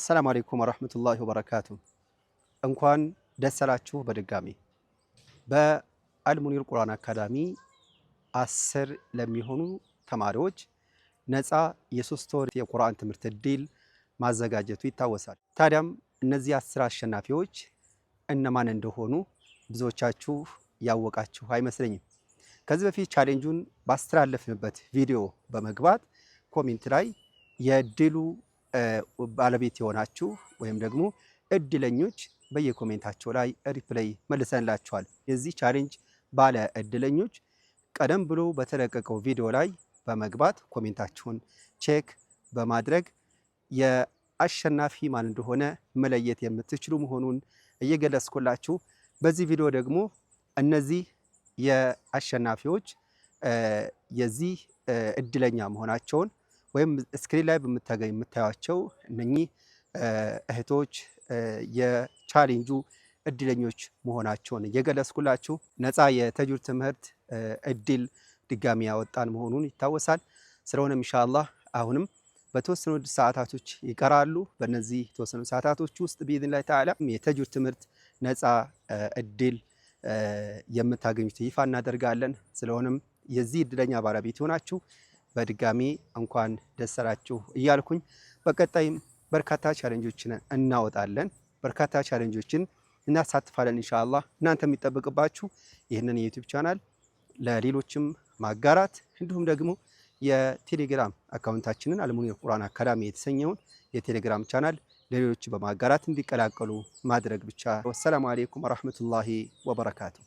አሰላሙ አሌይኩም ወረህመቱላሂ ወበረካቱ። እንኳን ደስ አላችሁ በድጋሚ በአልሙኒር ቁርአን አካዳሚ አስር ለሚሆኑ ተማሪዎች ነፃ የሶስት ወር የቁርአን ትምህርት እድል ማዘጋጀቱ ይታወሳል። ታዲያም እነዚህ አስር አሸናፊዎች እነማን እንደሆኑ ብዙዎቻችሁ ያወቃችሁ አይመስለኝም። ከዚህ በፊት ቻሌንጁን ባስተላለፍንበት ቪዲዮ በመግባት ኮሜንት ላይ የእድሉ ባለቤት የሆናችሁ ወይም ደግሞ እድለኞች በየኮሜንታቸው ላይ ሪፕላይ መልሰንላችኋል። የዚህ ቻሌንጅ ባለ እድለኞች ቀደም ብሎ በተለቀቀው ቪዲዮ ላይ በመግባት ኮሜንታችሁን ቼክ በማድረግ የአሸናፊ ማን እንደሆነ መለየት የምትችሉ መሆኑን እየገለጽኩላችሁ በዚህ ቪዲዮ ደግሞ እነዚህ የአሸናፊዎች የዚህ እድለኛ መሆናቸውን ወይም ስክሪን ላይ በምታገኝ የምታያቸው እነኚህ እህቶች የቻሌንጁ እድለኞች መሆናቸውን እየገለጽኩላችሁ ነፃ የተጁር ትምህርት እድል ድጋሚ ያወጣን መሆኑን ይታወሳል። ስለሆነ ኢንሻአላህ አሁንም በተወሰኑ ሰዓታቶች ይቀራሉ። በነዚህ የተወሰኑ ሰዓታቶች ውስጥ ቢኢዝኒላህ ተዓላ የተጁር ትምህርት ነፃ እድል የምታገኙት ይፋ እናደርጋለን። ስለሆነም የዚህ እድለኛ ባለቤት ሆናችሁ በድጋሚ እንኳን ደሰራችሁ እያልኩኝ በቀጣይም በርካታ ቻለንጆችን እናወጣለን፣ በርካታ ቻለንጆችን እናሳትፋለን ኢንሻአላህ። እናንተ የሚጠበቅባችሁ ይህንን የዩቲዩብ ቻናል ለሌሎችም ማጋራት እንዲሁም ደግሞ የቴሌግራም አካውንታችንን አልሙኒር ቁርአን አካዳሚ የተሰኘውን የቴሌግራም ቻናል ለሌሎች በማጋራት እንዲቀላቀሉ ማድረግ ብቻ። ወሰላሙ አሌይኩም ወራህመቱላሂ ወበረካቱ።